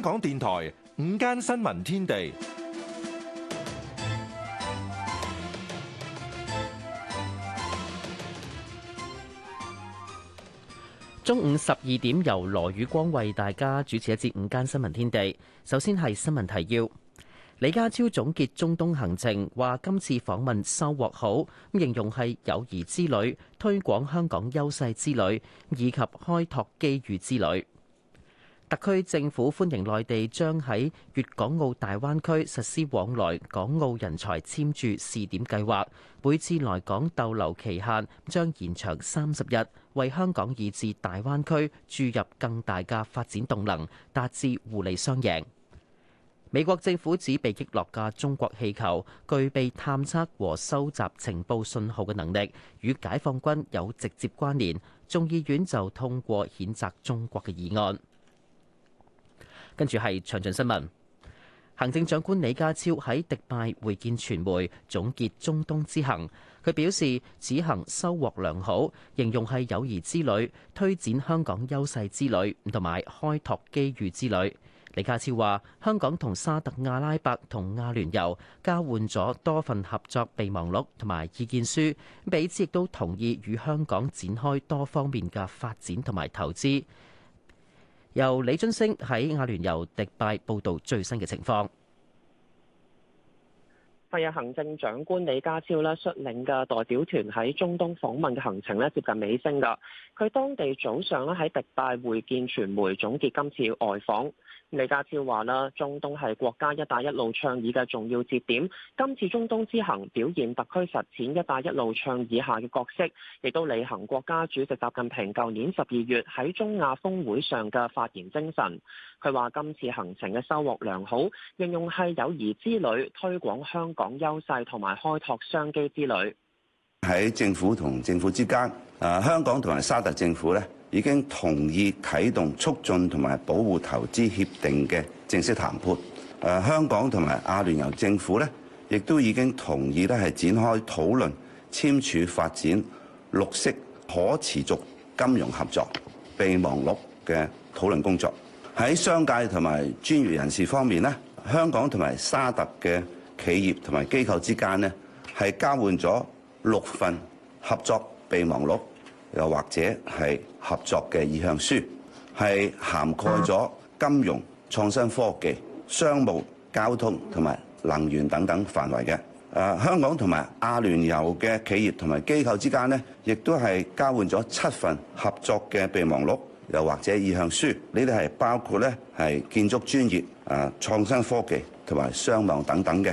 香港電台午間新聞天地，中午十二點由羅宇光為大家主持一節午間新聞天地。首先係新聞提要，李家超總結中東行程，話今次訪問收穫好，咁形容係友誼之旅、推廣香港優勢之旅以及開拓機遇之旅。特區政府歡迎內地將喺粵港澳大灣區實施往來港澳人才簽注試點計劃，每次來港逗留期限將延長三十日，為香港以至大灣區注入更大嘅發展動能，達至互利雙贏。美國政府指被擊落嘅中國氣球具備探測和收集情報信號嘅能力，與解放軍有直接關聯。眾議院就通過譴責中國嘅議案。跟住係詳盡新聞。行政長官李家超喺迪拜會見傳媒，總結中東之行。佢表示此行收穫良好，形容係友誼之旅，推展香港優勢之旅，同埋開拓機遇之旅。李家超話：香港同沙特阿拉伯同阿聯酋交換咗多份合作備忘錄同埋意見書，彼此亦都同意與香港展開多方面嘅發展同埋投資。由李津升喺亞聯酋迪拜報道最新嘅情況。第日行政長官李家超咧率領嘅代表團喺中東訪問嘅行程咧接近尾聲㗎。佢當地早上咧喺迪拜會見傳媒，總結今次外訪。李家超話啦，中東係國家「一帶一路」倡議嘅重要節點，今次中東之行表現特區實踐「一帶一路」倡議下嘅角色，亦都履行國家主席習近平舊年十二月喺中亞峰會上嘅發言精神。佢話：今次行程嘅收穫良好，應用係友誼之旅，推廣香港優勢同埋開拓商機之旅。喺政府同政府之間，誒、呃、香港同埋沙特政府咧已經同意啟動促進同埋保護投資協定嘅正式談判。誒、呃、香港同埋阿聯酋政府咧，亦都已經同意咧係展開討論簽署發展綠色可持續金融合作備忘錄嘅討論工作。喺商界同埋專業人士方面呢，香港同埋沙特嘅企業同埋機構之間呢，係交換咗六份合作備忘錄，又或者係合作嘅意向書，係涵蓋咗金融、創新科技、商務、交通同埋能源等等範圍嘅。誒、呃，香港同埋阿聯酋嘅企業同埋機構之間呢，亦都係交換咗七份合作嘅備忘錄。又或者意向書，呢啲係包括呢，係建築專業、啊，創新科技同埋商貿等等嘅。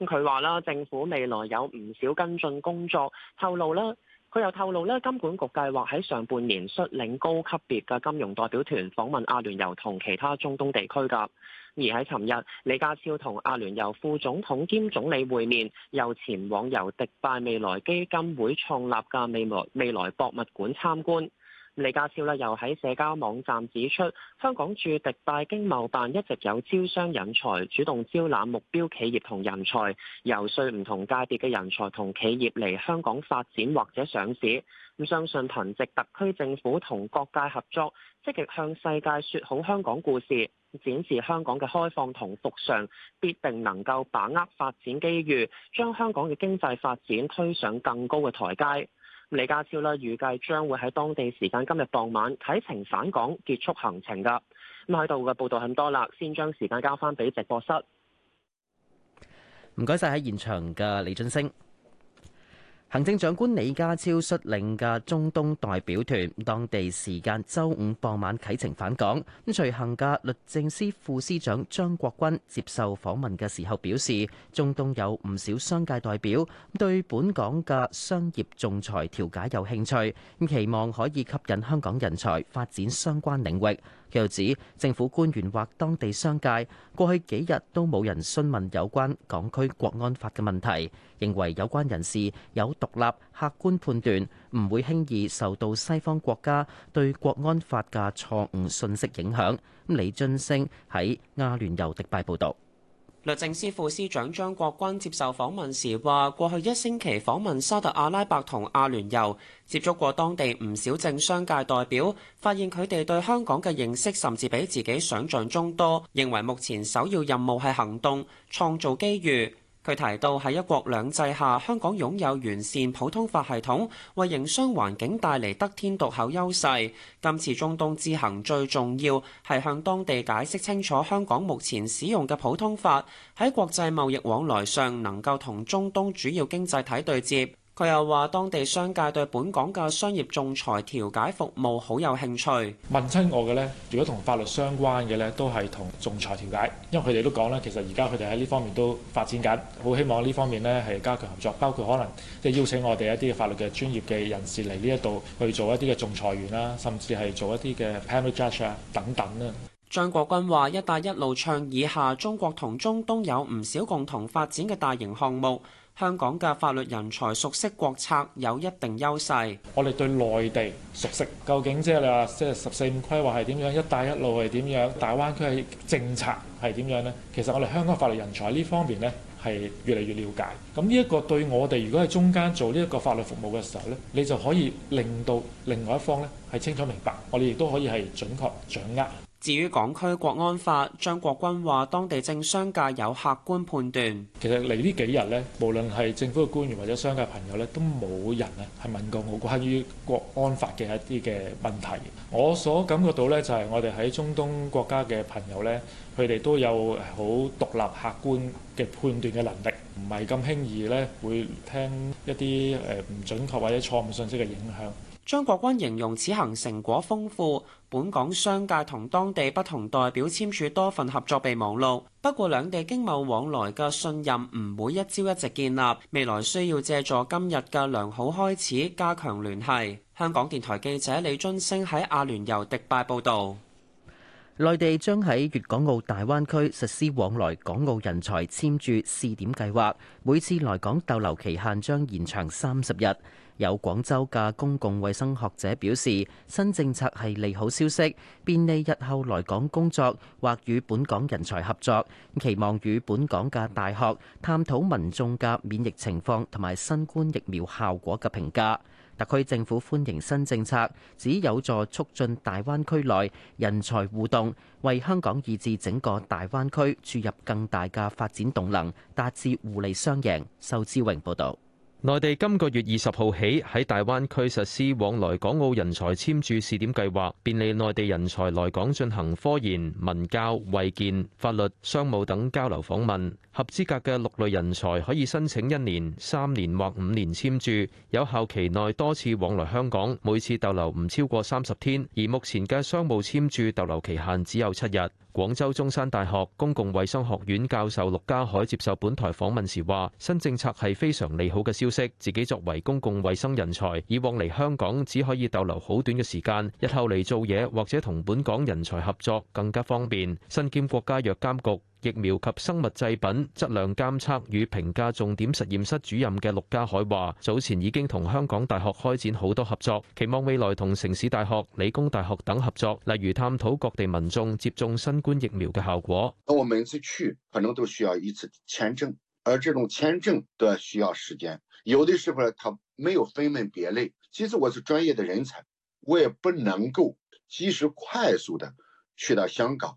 咁佢話啦，政府未來有唔少跟進工作。透露啦，佢又透露呢，金管局計劃喺上半年率領高級別嘅金融代表團訪問阿聯酋同其他中東地區㗎。而喺尋日，李家超同阿聯酋副總統兼總理會面，又前往由迪拜未來基金會創立嘅未來未來博物館參觀。李家超呢又喺社交網站指出，香港駐迪拜經貿辦一直有招商引才，主動招攬目標企業同人才，遊説唔同界別嘅人才同企業嚟香港發展或者上市。咁相信憑藉特區政府同各界合作，積極向世界説好香港故事。展示香港嘅開放同復常，必定能夠把握發展機遇，將香港嘅經濟發展推上更高嘅台階。李家超呢預計將會喺當地時間今日傍晚啟程返港結束行程㗎。咁喺度嘅報道很多啦，先將時間交翻俾直播室。唔該晒，喺現場嘅李俊升。行政長官李家超率領嘅中東代表團，當地時間週五傍晚啟程返港。咁隨行嘅律政司副司長張國鈞接受訪問嘅時候表示，中東有唔少商界代表對本港嘅商業仲裁調解有興趣，咁期望可以吸引香港人才發展相關領域。又指政府官員或當地商界過去幾日都冇人詢問有關港區國安法嘅問題，認為有關人士有獨立客觀判斷，唔會輕易受到西方國家對國安法嘅錯誤信息影響。咁李俊升喺阿聯酋迪拜報導。律政司副司長張國軍接受訪問時話，過去一星期訪問沙特阿拉伯同阿聯酋，接觸過當地唔少政商界代表，發現佢哋對香港嘅認識甚至比自己想像中多，認為目前首要任務係行動，創造機遇。佢提到喺一國兩制下，香港擁有完善普通法系統，為營商環境帶嚟得天獨厚優勢。今次中東之行最重要係向當地解釋清楚香港目前使用嘅普通法喺國際貿易往來上能夠同中東主要經濟體對接。佢又話：當地商界對本港嘅商業仲裁調解服務好有興趣。問親我嘅咧，如果同法律相關嘅咧，都係同仲裁調解，因為佢哋都講啦。其實而家佢哋喺呢方面都發展緊，好希望呢方面咧係加強合作，包括可能即係邀請我哋一啲法律嘅專業嘅人士嚟呢一度去做一啲嘅仲裁員啦，甚至係做一啲嘅 panel judge 啊等等啦。張國鈞話：一帶一路倡議下，中國同中東都有唔少共同發展嘅大型項目。香港嘅法律人才熟悉國策有一定優勢。我哋對內地熟悉，究竟即係你話即係十四五規劃係點樣，一帶一路係點樣，大灣區係政策係點樣咧？其實我哋香港法律人才呢方面咧係越嚟越了解。咁呢一個對我哋如果係中間做呢一個法律服務嘅時候咧，你就可以令到另外一方咧係清楚明白，我哋亦都可以係準確掌握。至於港區國安法，張國鈞話：當地政商界有客觀判斷。其實嚟呢幾日咧，無論係政府嘅官員或者商界朋友咧，都冇人咧係問過我關於國安法嘅一啲嘅問題。我所感覺到咧，就係我哋喺中東國家嘅朋友咧，佢哋都有好獨立客觀嘅判斷嘅能力，唔係咁輕易咧會聽一啲誒唔準確或者錯誤信息嘅影響。張國軍形容此行成果豐富，本港商界同當地不同代表簽署多份合作備忘錄。不過兩地經貿往來嘅信任唔會一朝一夕建立，未來需要借助今日嘅良好開始加強聯繫。香港電台記者李津升喺阿聯酋迪拜報道。內地將喺粵港澳大灣區實施往來港澳人才簽注試點計劃，每次來港逗留期限將延長三十日。有廣州嘅公共衛生學者表示，新政策係利好消息，便利日後來港工作，或與本港人才合作，期望與本港嘅大學探討民眾嘅免疫情況同埋新冠疫苗效果嘅評價。特區政府歡迎新政策，指有助促進大灣區內人才互動，為香港以至整個大灣區注入更大嘅發展動能，達至互利雙贏。仇志榮報道。內地今個月二十號起喺大灣區實施往來港澳人才簽注試點計劃，便利內地人才來港進行科研、文教、衞健、法律、商務等交流訪問。合資格嘅六類人才可以申請一年、三年或五年簽注，有效期內多次往來香港，每次逗留唔超過三十天。而目前嘅商務簽注逗留期限只有七日。廣州中山大學公共衛生學院教授陸家海接受本台訪問時話：新政策係非常利好嘅消息，自己作為公共衛生人才，以往嚟香港只可以逗留好短嘅時間，日後嚟做嘢或者同本港人才合作更加方便。身兼國家藥監局疫苗及生物製品質量監測與評價重點實驗室主任嘅陸家海話：早前已經同香港大學開展好多合作，期望未來同城市大學、理工大學等合作，例如探討各地民眾接種新冠疫苗嘅效果。我每次去可能都需要一次簽證，而這種簽證都要需要時間。有的時候他沒有分門別類。即使我是專業的人才，我也不能夠即時快速的去到香港。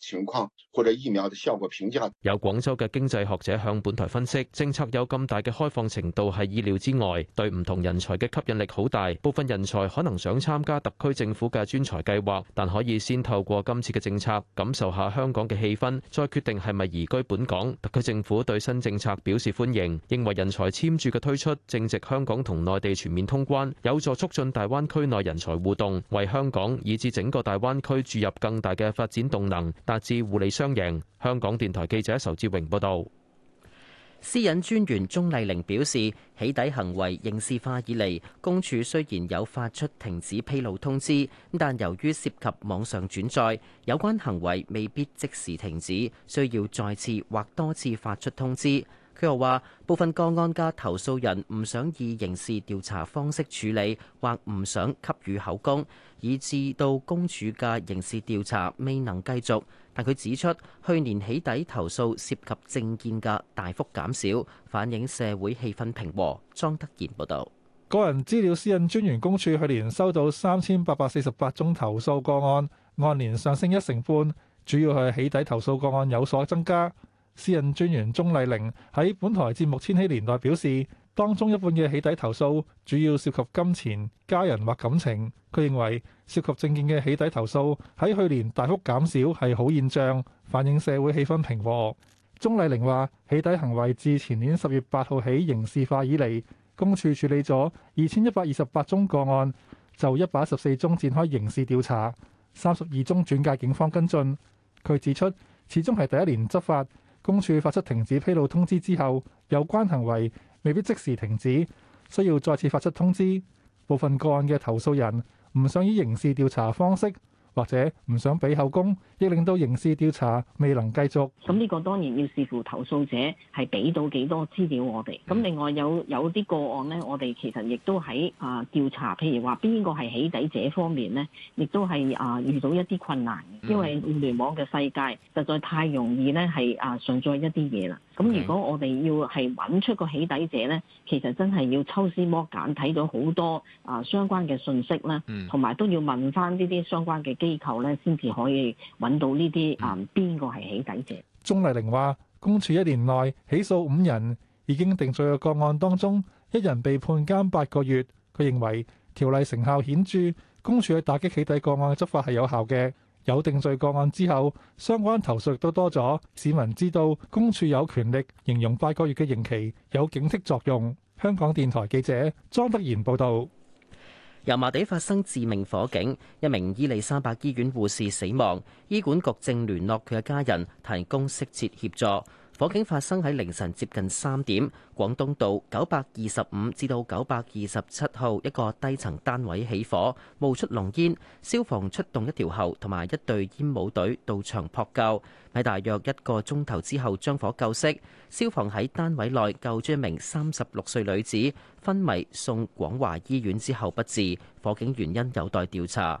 情況或者疫苗的效果評價，有廣州嘅經濟學者向本台分析，政策有咁大嘅開放程度係意料之外，對唔同人才嘅吸引力好大。部分人才可能想參加特區政府嘅專才計劃，但可以先透過今次嘅政策感受下香港嘅氣氛，再決定係咪移居本港。特區政府對新政策表示歡迎，認為人才簽注嘅推出正值香港同內地全面通關，有助促進大灣區內人才互動，為香港以至整個大灣區注入更大嘅發展動能。達至互利雙贏。香港電台記者仇志榮報道，私隱專員鍾麗玲表示，起底行為刑事化以嚟，公署雖然有發出停止披露通知，但由於涉及網上轉載，有關行為未必即時停止，需要再次或多次發出通知。佢又話：部分個案嘅投訴人唔想以刑事調查方式處理，或唔想給予口供，以致到公署嘅刑事調查未能繼續。但佢指出，去年起底投訴涉及政見嘅大幅減少，反映社會氣氛平和。莊德賢報導，個人資料私隱專員公署去年收到三千八百四十八宗投訴個案，按年上升一成半，主要係起底投訴個案有所增加。私隱專員鍾麗玲喺本台節目《千禧年代》表示，當中一半嘅起底投訴主要涉及金錢、家人或感情。佢認為涉及政見嘅起底投訴喺去年大幅減少，係好現象，反映社會氣氛平和。鍾麗玲話：起底行為自前年十月八號起刑事化以嚟，公署處理咗二千一百二十八宗個案，就一百一十四宗展開刑事調查，三十二宗轉介警方跟進。佢指出，始終係第一年執法。公署發出停止披露通知之後，有關行為未必即時停止，需要再次發出通知。部分個案嘅投訴人唔想以刑事調查方式。或者唔想俾口供，亦令到刑事調查未能繼續。咁呢個當然要視乎投訴者係俾到幾多資料我哋。咁、嗯、另外有有啲個案呢，我哋其實亦都喺啊調查，譬如話邊個係起底者方面呢，亦都係啊遇到一啲困難，因為互聯網嘅世界實在太容易呢係啊上載一啲嘢啦。咁如果我哋要係揾出個起底者呢，其實真係要抽絲剝繭，睇到好多啊相關嘅信息啦，同埋、嗯、都要問翻呢啲相關嘅機。機構咧先至可以揾到呢啲啊，邊個係起底者？鍾麗玲話：公署一年內起訴五人，已經定罪嘅個案當中，一人被判監八個月。佢認為條例成效顯著，公署嘅打擊起底個案嘅執法係有效嘅。有定罪個案之後，相關投訴亦都多咗，市民知道公署有權力，形容八個月嘅刑期有警惕作用。香港電台記者莊德賢報道。油麻地發生致命火警，一名伊利沙伯醫院護士死亡，醫管局正聯絡佢嘅家人，提供適切協助。火警發生喺凌晨接近三點，廣東道九百二十五至到九百二十七號一個低層單位起火，冒出濃煙。消防出動一條喉同埋一隊煙帽隊到場撲救，喺大約一個鐘頭之後將火救熄。消防喺單位內救出一名三十六歲女子，昏迷送廣華醫院之後不治。火警原因有待調查。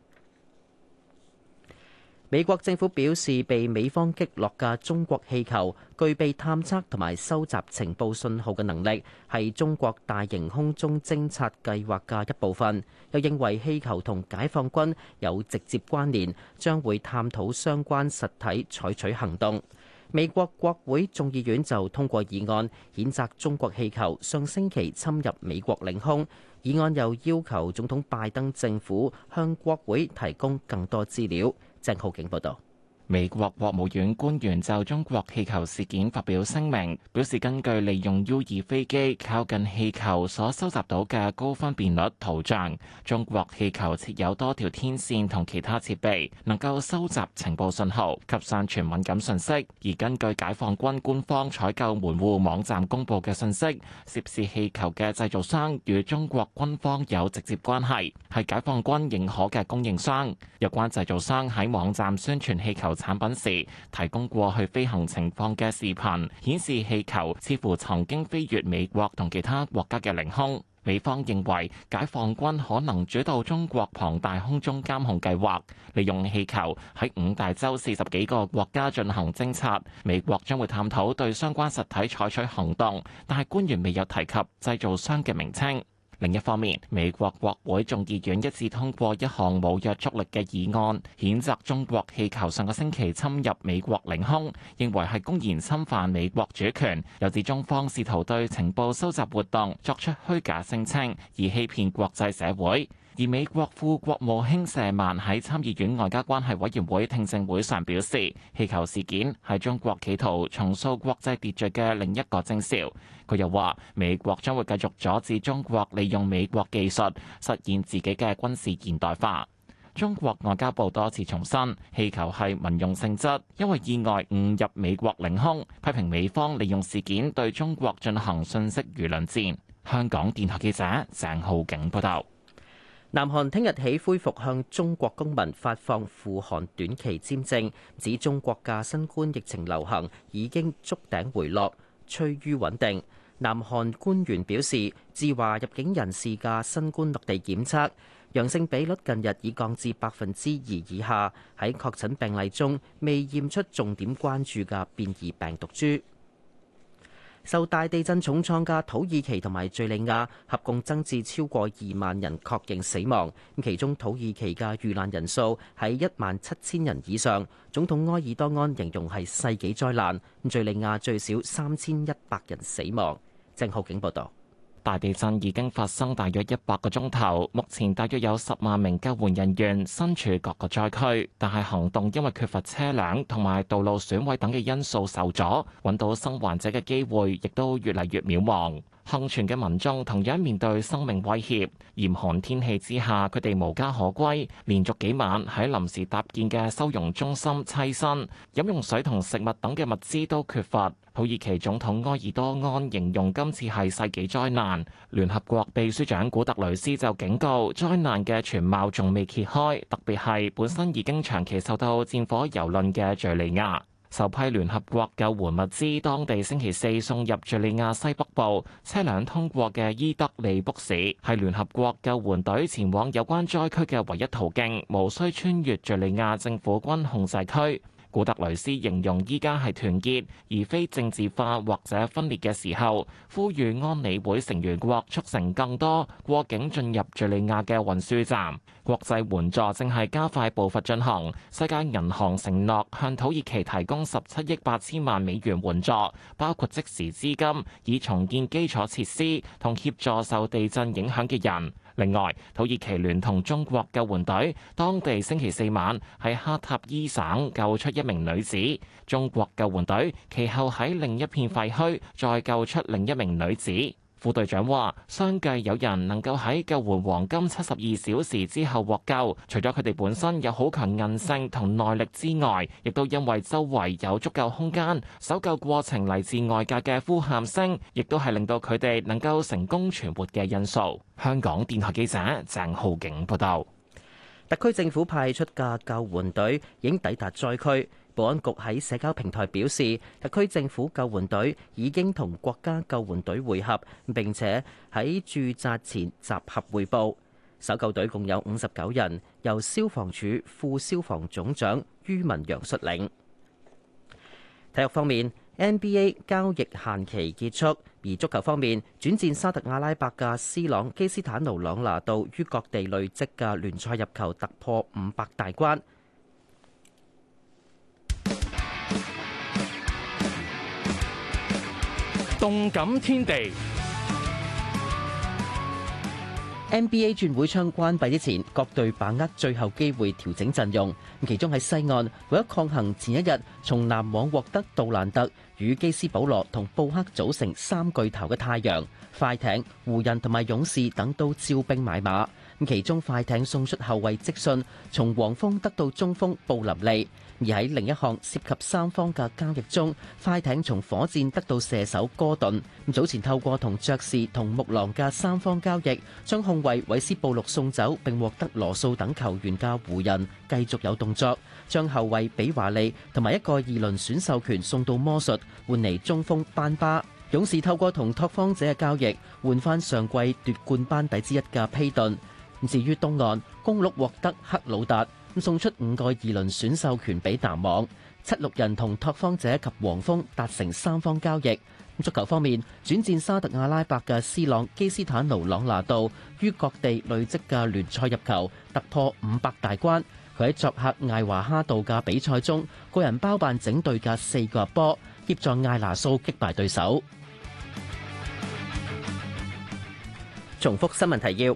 美國政府表示，被美方擊落嘅中國氣球具備探測同埋收集情報信號嘅能力，係中國大型空中偵察計劃嘅一部分。又認為氣球同解放軍有直接關聯，將會探討相關實體採取行動。美國國會眾議院就通過議案譴責中國氣球上星期侵入美國領空。議案又要求總統拜登政府向國會提供更多資料。鄭浩景報道。美國國務院官員就中國氣球事件發表聲明，表示根據利用 U2 飛機靠近氣球所收集到嘅高分辨率圖像，中國氣球設有多條天線同其他設備，能夠收集情報信號及散傳敏感信息。而根據解放軍官方採購門戶網站公布嘅信息，涉事氣球嘅製造商與中國軍方有直接關係，係解放軍認可嘅供應商。有關製造商喺網站宣傳氣球產品時提供過去飛行情況嘅視頻，顯示氣球似乎曾經飛越美國同其他國家嘅領空。美方認為解放軍可能主導中國龐大空中監控計劃，利用氣球喺五大洲四十幾個國家進行偵察。美國將會探討對相關實體採取行動，但係官員未有提及製造商嘅名稱。另一方面，美國國會眾議院一致通過一項冇約束力嘅議案，譴責中國氣球上個星期侵入美國領空，認為係公然侵犯美國主權，又指中方試圖對情報收集活動作出虛假聲稱，而欺騙國際社會。而美國副國務卿舍曼喺參議院外交關係委員會聽證會上表示，氣球事件係中國企圖重塑國際秩序嘅另一個徵兆。佢又話，美國將會繼續阻止中國利用美國技術實現自己嘅軍事現代化。中國外交部多次重申，氣球係民用性質，因為意外誤入美國領空，批評美方利用事件對中國進行信息輿論戰。香港電台記者鄭浩景報道。南韓聽日起恢復向中國公民發放赴韓短期簽證，指中國嘅新冠疫情流行已經觸頂回落，趨於穩定。南韓官員表示，自華入境人士嘅新冠落地檢測陽性比率近日已降至百分之二以下，喺確診病例中未驗出重點關注嘅變異病毒株。受大地震重創嘅土耳其同埋敘利亞合共增至超過二萬人確認死亡，其中土耳其嘅遇難人數喺一萬七千人以上。總統埃爾多安形容係世紀災難，咁敘利亞最少三千一百人死亡。鄭浩景報道。大地震已經發生大約一百個鐘頭，目前大約有十萬名救援人員身處各個災區，但係行動因為缺乏車輛同埋道路損毀等嘅因素受阻，揾到生還者嘅機會亦都越嚟越渺茫。幸存嘅民眾同樣面對生命威脅，嚴寒天氣之下，佢哋無家可歸，連續幾晚喺臨時搭建嘅收容中心棲身，飲用水同食物等嘅物資都缺乏。土耳其總統埃爾多安形容今次係世紀災難。聯合國秘書長古特雷斯就警告，災難嘅全貌仲未揭開，特別係本身已經長期受到戰火蹂躪嘅敘利亞。首批聯合國救援物資當地星期四送入敘利亞西北部，車輛通過嘅伊德利卜市係聯合國救援隊前往有關災區嘅唯一途徑，無需穿越敘利亞政府軍控制區。古特雷斯形容依家係團結而非政治化或者分裂嘅時候，呼籲安理會成員國促成更多過境進入敘利亞嘅運輸站。國際援助正係加快步伐進行。世界銀行承諾向土耳其提供十七億八千萬美元援助，包括即時資金，以重建基礎設施同協助受地震影響嘅人。另外，土耳其聯同中國救援隊，當地星期四晚喺哈塔伊省救出一名女子。中國救援隊其後喺另一片廢墟再救出另一名女子。副隊長話，相繼有人能夠喺救援黃金七十二小時之後獲救，除咗佢哋本身有好強韌性同耐力之外，亦都因為周圍有足夠空間，搜救過程嚟自外界嘅呼喊聲，亦都係令到佢哋能夠成功存活嘅因素。香港電台記者鄭浩景報道，特區政府派出嘅救援隊已經抵達災區。保安局喺社交平台表示，特區政府救援隊已經同國家救援隊會合，並且喺駐紮前集合匯報。搜救隊共有五十九人，由消防處副消防總長于文洋率領。體育方面，NBA 交易限期結束，而足球方面，轉戰沙特阿拉伯嘅斯朗基斯坦奴朗拿度於各地累積嘅聯賽入球突破五百大關。動感天地，NBA 轉會窗關閉之前，各隊把握最後機會調整陣容。咁，其中喺西岸為咗抗衡前一日從籃網獲得杜蘭特與基斯保羅同布克組成三巨頭嘅太陽，快艇、湖人同埋勇士等都招兵買馬。咁，其中快艇送出後衛積信，從黃蜂得到中鋒布林利。而喺另一項涉及三方嘅交易中，快艇從火箭得到射手哥頓。咁早前透過同爵士同木狼嘅三方交易，將控衞韋斯布魯送走，並獲得羅素等球員嘅湖人繼續有動作，將後衞比華利同埋一個二輪選秀權送到魔術，換嚟中鋒班巴。勇士透過同拓荒者嘅交易，換翻上季奪冠班底之一嘅披頓。咁至於東岸，公鹿獲得克魯達。咁送出五個二輪選秀權俾籃網，七六人同拓荒者及黃蜂達成三方交易。足球方面，轉戰沙特阿拉伯嘅斯朗基斯坦奴朗拿度於各地累積嘅聯賽入球突破五百大關。佢喺作客艾華哈度嘅比賽中，個人包辦整隊嘅四個波，協助艾拿蘇擊敗對手。重複新聞提要。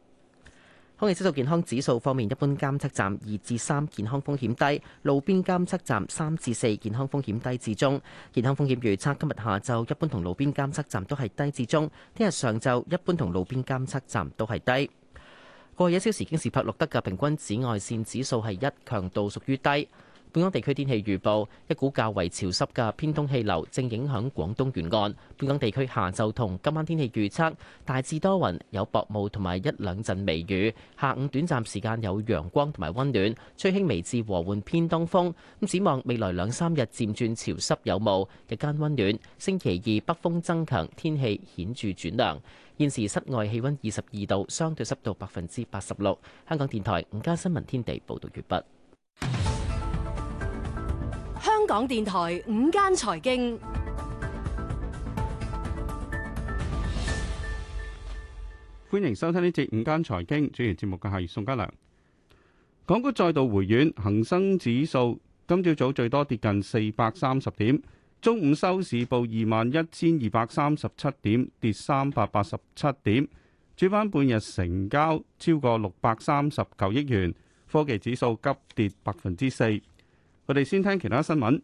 空氣質素健康指數方面，一般監測站二至三，健康風險低；路邊監測站三至四，健康風險低至中。健康風險預測今日下晝一般同路邊監測站都係低至中，聽日上晝一般同路邊監測站都係低。過去一小時京士柏錄得嘅平均紫外線指數係一，強度屬於低。本港地區天氣預報，一股較為潮濕嘅偏東氣流正影響廣東沿岸。本港地區下晝同今晚天氣預測大致多雲，有薄霧同埋一兩陣微雨。下午短暫時間有陽光同埋温暖，吹輕微至和緩偏東風。咁展望未來兩三日漸轉潮濕有霧，日間温暖。星期二北風增強，天氣顯著轉涼。現時室外氣温二十二度，相對濕度百分之八十六。香港電台午間新聞天地報導完畢。香港電台午間財經。歡迎收聽呢節午間財經，主持節目嘅係宋家良。港股再度回軟，恒生指數今朝早最多跌近四百三十點，中午收市報二萬一千二百三十七點，跌三百八十七點。主板半日成交超過六百三十九億元，科技指數急跌百分之四。我哋先聽其他新聞。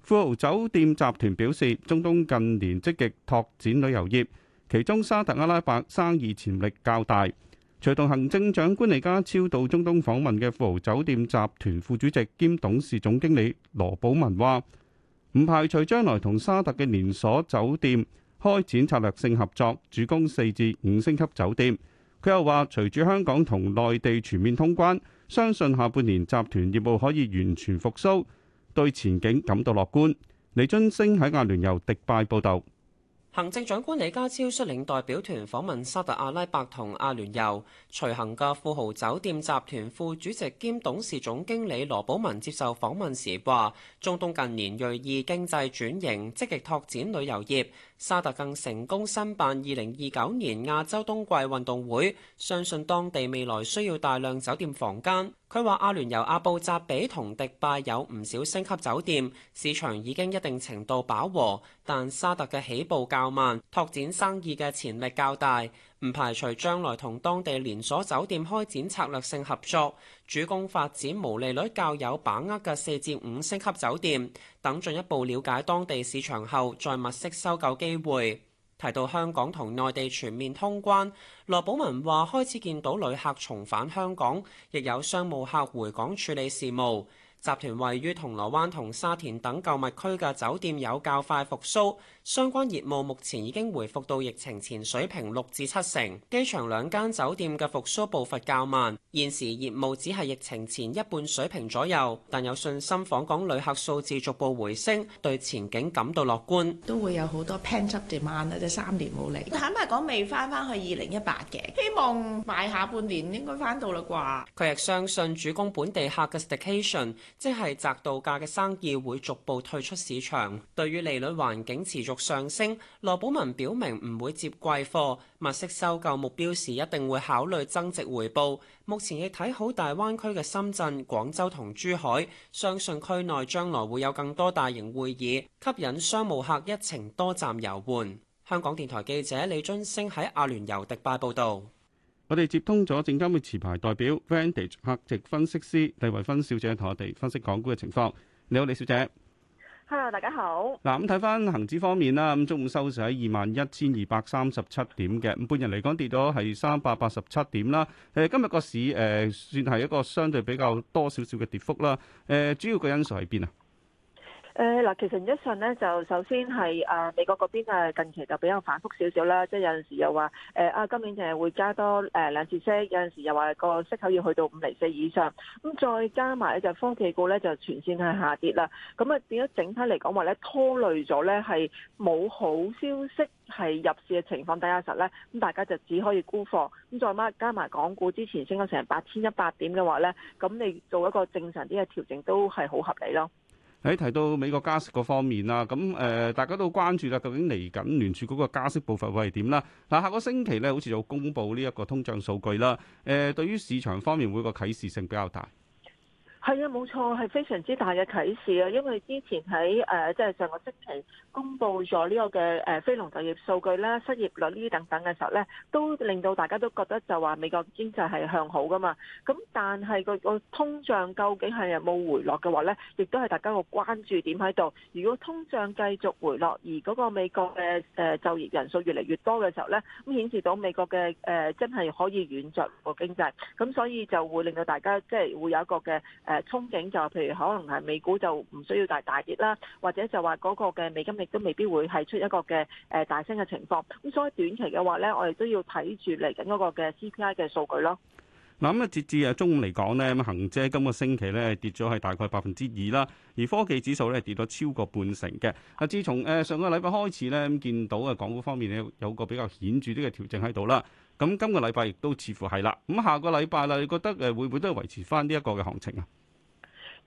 富豪酒店集團表示，中東近年積極拓展旅遊業，其中沙特阿拉伯生意潛力較大。隨同行政長官李家超到中東訪問嘅富豪酒店集團副主席兼董事總經理羅寶文話，唔排除將來同沙特嘅連鎖酒店開展策略性合作，主攻四至五星級酒店。佢又話，隨住香港同內地全面通關。相信下半年集團業務可以完全復甦，對前景感到樂觀。李津升喺阿聯酋迪拜報道。行政長官李家超率領代表團訪問沙特阿拉伯同阿聯酋，隨行嘅富豪酒店集團副主席兼董事總經理羅寶文接受訪問時話，中東近年銳意經濟轉型，積極拓展旅遊業。沙特更成功申辦二零二九年亞洲冬季運動會，相信當地未來需要大量酒店房間。佢話阿聯酋阿布扎比同迪拜有唔少星級酒店，市場已經一定程度飽和，但沙特嘅起步價較慢，拓展生意嘅潛力較大，唔排除將來同當地連鎖酒店開展策略性合作，主攻發展毛利率較有把握嘅四至五星級酒店等，進一步了解當地市場後，再物色收購機會。提到香港同內地全面通關，羅寶文話開始見到旅客重返香港，亦有商務客回港處理事務。集團位於銅鑼灣同沙田等購物區嘅酒店有較快復甦。相關業務目前已經回復到疫情前水平六至七成，機場兩間酒店嘅復甦步伐較慢，現時業務只係疫情前一半水平左右，但有信心訪港旅客數字逐步回升，對前景感到樂觀。都會有好多 pent-up demand 啊！即三年冇嚟，坦白講未返返去二零一八嘅？希望買下半年應該返到啦啩。佢亦相信主攻本地客嘅 staycation，即係宅度假嘅生意會逐步退出市場。對於利率環境持續上升，羅寶文表明唔會接貴貨，物色收購目標時一定會考慮增值回報。目前亦睇好大灣區嘅深圳、廣州同珠海，相信區內將來會有更多大型會議，吸引商務客一程多站遊玩。香港電台記者李津升喺阿聯酋迪,迪拜報道。我哋接通咗證監會持牌代表 Vantage 客席分析師李維芬小姐，同我哋分析港股嘅情況。你好，李小姐。Hello，大家好。嗱，咁睇返恒指方面啦，咁中午收市喺二萬一千二百三十七點嘅，咁半日嚟講跌咗係三百八十七點啦。誒，今日個市誒算係一個相對比較多少少嘅跌幅啦。誒，主要嘅因素喺邊啊？誒，嗱，其實一陣咧，就首先係誒美國嗰邊啊，近期就比較反覆少少啦，即係有陣時又話誒啊，今年就係會加多誒兩、呃、次息，有陣時又話個息口要去到五厘四以上，咁再加埋咧就是、科技股咧就全線係下跌啦，咁啊變咗整體嚟講話咧拖累咗咧係冇好消息係入市嘅情況底下實咧，咁大家就只可以沽貨，咁再加埋港股之前升咗成八千一百點嘅話咧，咁你做一個正常啲嘅調整都係好合理咯。喺提到美國加息嗰方面啦，咁誒大家都關注啦，究竟嚟緊聯儲局嘅加息步伐會係點啦？嗱，下個星期咧，好似就公布呢一個通脹數據啦，誒，對於市場方面會個啟示性比較大。係啊，冇錯，係非常之大嘅啟示啊！因為之前喺誒，即、呃、係、就是、上個星期公佈咗呢個嘅誒非農就業數據啦，失業率呢啲等等嘅時候咧，都令到大家都覺得就話美國經濟係向好㗎嘛。咁但係個通脹究竟係有冇回落嘅話咧，亦都係大家個關注點喺度。如果通脹繼續回落，而嗰個美國嘅誒就業人數越嚟越多嘅時候咧，咁顯示到美國嘅誒、呃、真係可以軟著陸經濟。咁所以就會令到大家即係會有一個嘅憧憬就譬如可能係美股就唔需要大大跌啦，或者就話嗰個嘅美金亦都未必會係出一個嘅誒大升嘅情況。咁所以短期嘅話咧，我哋都要睇住嚟緊嗰個嘅 CPI 嘅數據咯。嗱咁啊，截至啊中午嚟講呢，恒指今個星期咧跌咗係大概百分之二啦，而科技指數咧跌咗超過半成嘅。啊，自從誒上個禮拜開始咧，咁見到啊港股方面有個比較顯著啲嘅調整喺度啦。咁今個禮拜亦都似乎係啦。咁下個禮拜啦，你覺得誒會唔會都係維持翻呢一個嘅行情啊？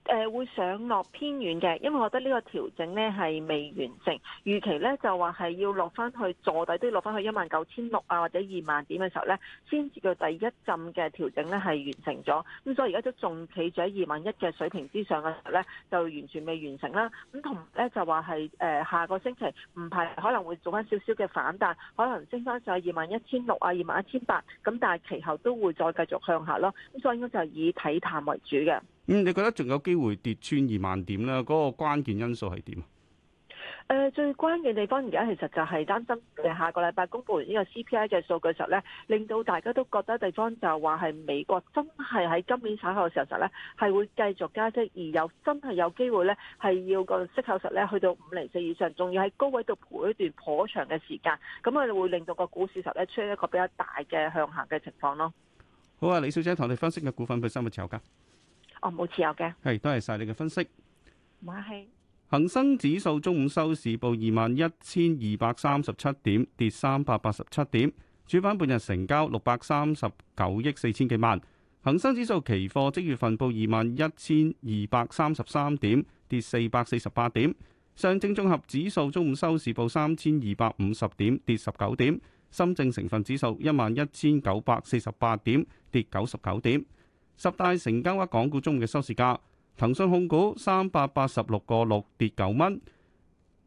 誒會上落偏遠嘅，因為我覺得呢個調整呢係未完成，預期呢就話係要落翻去坐底，都要落翻去一萬九千六啊或者二萬點嘅時候呢，先至到第一陣嘅調整呢係完成咗。咁所以而家都仲企住喺二萬一嘅水平之上嘅時候呢，就完全未完成啦。咁同呢就話係誒下個星期唔排可能會做翻少少嘅反彈，可能升翻上二萬一千六啊、二萬一千八咁，但係其後都會再繼續向下咯。咁所以應該就以睇淡為主嘅。嗯，你覺得仲有機會跌穿二萬點咧？嗰、那個關鍵因素係點啊？誒、呃，最關鍵嘅地方而家其實就係擔心，下個禮拜公布完呢個 CPI 嘅數據時候咧，令到大家都覺得地方就話係美國真係喺今年炒後嘅時候實咧係會繼續加息，而有真係有機會咧係要個息口實咧去到五厘四以上，仲要喺高位度盤一段頗長嘅時間，咁啊會令到個股市實咧出現一個比較大嘅向下嘅情況咯。好啊，李小姐，同你分析嘅股份，佢今日持有噶。哦，冇持有嘅。係，多謝晒你嘅分析。唔客氣。恒生指數中午收市報二萬一千二百三十七點，跌三百八十七點。主板半日成交六百三十九億四千幾萬。恒生指數期貨即月份報二萬一千二百三十三點，跌四百四十八點。上證綜合指數中午收市報三千二百五十點，跌十九點。深證成分指數一萬一千九百四十八點，跌九十九點。十大成交額港股中嘅收市價：騰訊控股三百八十六個六跌九蚊，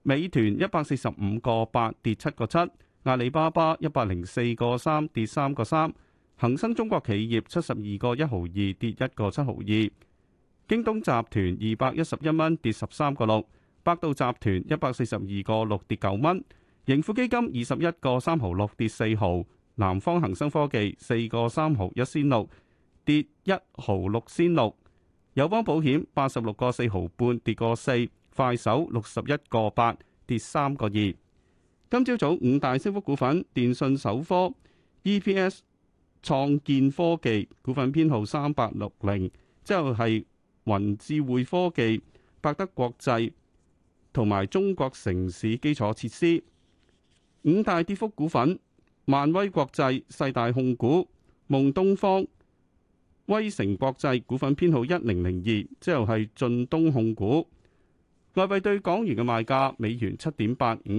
美團一百四十五個八跌七個七，阿里巴巴一百零四個三跌三個三，恒生中國企業七十二個一毫二跌一個七毫二，京東集團二百一十一蚊跌十三個六，百度集團一百四十二個六跌九蚊，盈富基金二十一個三毫六跌四毫，南方恒生科技四個三毫一仙六。1> 跌一毫六，仙六，友邦保險八十六個四毫半，跌個四，快手六十一個八跌三個二。今朝早，早五大升幅股份：電信首科 EPS 創建科技股份編號三八六零，之後係雲智慧科技、百德國際同埋中國城市基礎設施。五大跌幅股份：萬威國際、世大控股、夢東方。威城國際股份編號一零零二，之後係晉東控股。外幣對港元嘅賣價：美元七點八五，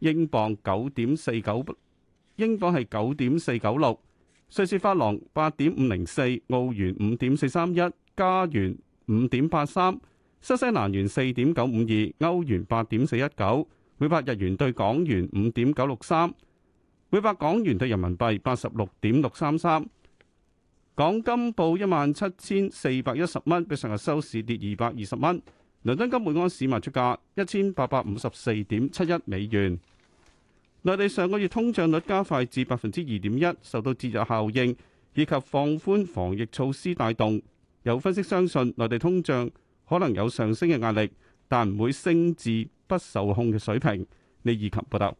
英鎊九點四九，英鎊係九點四九六，瑞士法郎八點五零四，澳元五點四三一，加元五點八三，新西蘭元四點九五二，歐元八點四一九，每百日元對港元五點九六三，每百港元對人民幣八十六點六三三。港金報一萬七千四百一十蚊，比上日收市跌二百二十蚊。倫敦金每安市賣出價一千八百五十四點七一美元。內地上個月通脹率加快至百分之二點一，受到節日效應以及放寬防疫措施帶動。有分析相信內地通脹可能有上升嘅壓力，但唔會升至不受控嘅水平。李怡及報道。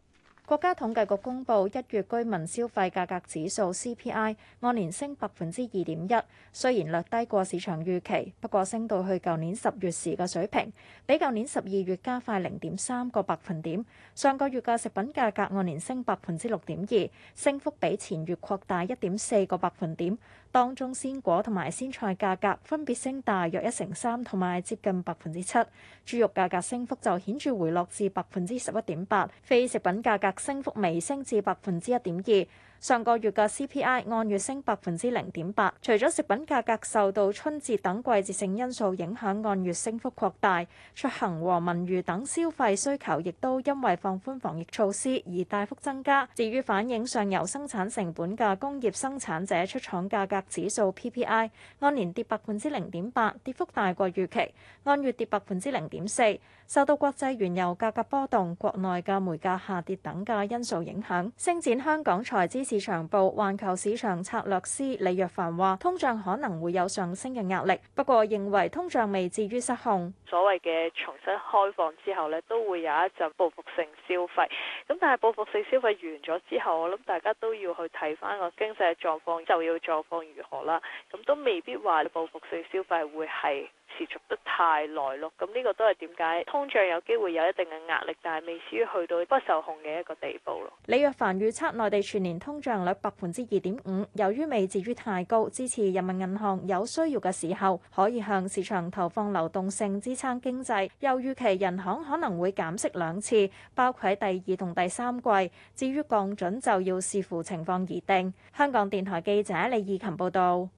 國家統計局公布一月居民消費價格指數 CPI 按年升百分之二點一，雖然略低過市場預期，不過升到去舊年十月時嘅水平，比舊年十二月加快零點三個百分點。上個月嘅食品價格按年升百分之六點二，升幅比前月擴大一點四個百分點。當中鮮果同埋鮮菜價格分別升大約一成三同埋接近百分之七，豬肉價格升幅就顯著回落至百分之十一點八，非食品價格升幅微升至百分之一點二。上個月嘅 CPI 按月升百分之零點八，除咗食品價格受到春節等季節性因素影響，按月升幅擴大，出行和文娛等消費需求亦都因為放寬防疫措施而大幅增加。至於反映上游生產成本嘅工業生產者出廠價格指數 PPI 按年跌百分之零點八，跌幅大過預期，按月跌百分之零點四，受到國際原油價格波動、國內嘅煤價下跌等嘅因素影響，升展香港財資。市場部環球市場策略師李若凡話，通脹可能會有上升嘅壓力，不過認為通脹未至於失控。所謂嘅重新開放之後呢，都會有一陣報復性消費，咁但係報復性消費完咗之後，我諗大家都要去睇翻個經濟狀況，就業狀況如何啦，咁都未必話報復性消費會係。持續得太耐咯，咁呢個都係點解通脹有機會有一定嘅壓力，但係未至於去到不受控嘅一個地步咯。李若凡預測內地全年通脹率百分之二點五，由於未至於太高，支持人民銀行有需要嘅時候可以向市場投放流動性，支撐經濟。又預期人行可能會減息兩次，包括喺第二同第三季。至於降準就要視乎情況而定。香港電台記者李義琴報道。